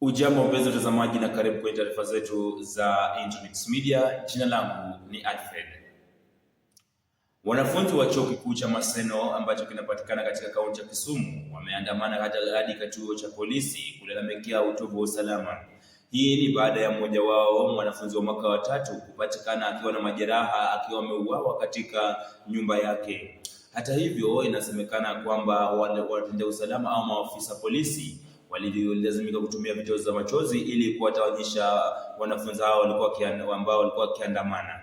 Ujambo mpenzi mtazamaji, na karibu kwenye taarifa zetu za Intermix Media. Jina langu ni Alfred. Wanafunzi wa chuo kikuu cha Maseno ambacho kinapatikana katika kaunti ya Kisumu wameandamana hata hadi kituo cha polisi kulalamikia utovu wa usalama. Hii ni baada ya mmoja wao mwanafunzi wa mwaka wa tatu kupatikana akiwa na majeraha akiwa ameuawa katika nyumba yake. Hata hivyo, inasemekana kwamba walinda usalama au maafisa polisi walilazimika kutumia video za machozi ili kuwatawanyisha wanafunzi hao walikuwa ambao walikuwa wakiandamana.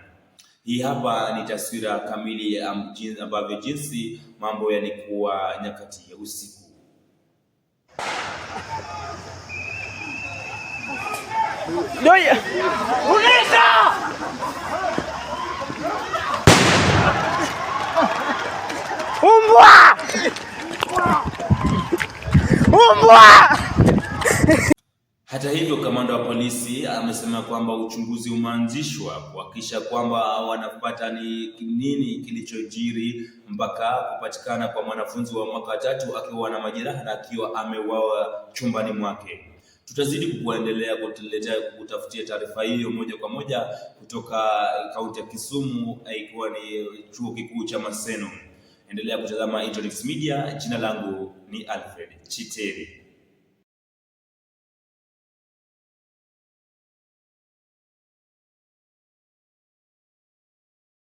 Hii hapa ni taswira kamili ambavyo jinsi mambo yalikuwa nyakati ya usiku. Umbwa! Mbwa! Hata hivyo, kamanda wa polisi amesema kwamba uchunguzi umeanzishwa kuhakikisha kwamba wanapata ni nini kilichojiri mpaka kupatikana kwa mwanafunzi wa mwaka tatu akiwa na majeraha na akiwa ameuawa chumbani mwake. Tutazidi kuendelea kutuletea kutafutia taarifa hiyo moja kwa moja kutoka kaunti ya Kisumu, eh, ikiwa ni chuo kikuu cha Maseno. Endelea kutazama Eternix Media. Jina langu ni Alfred Chiteri.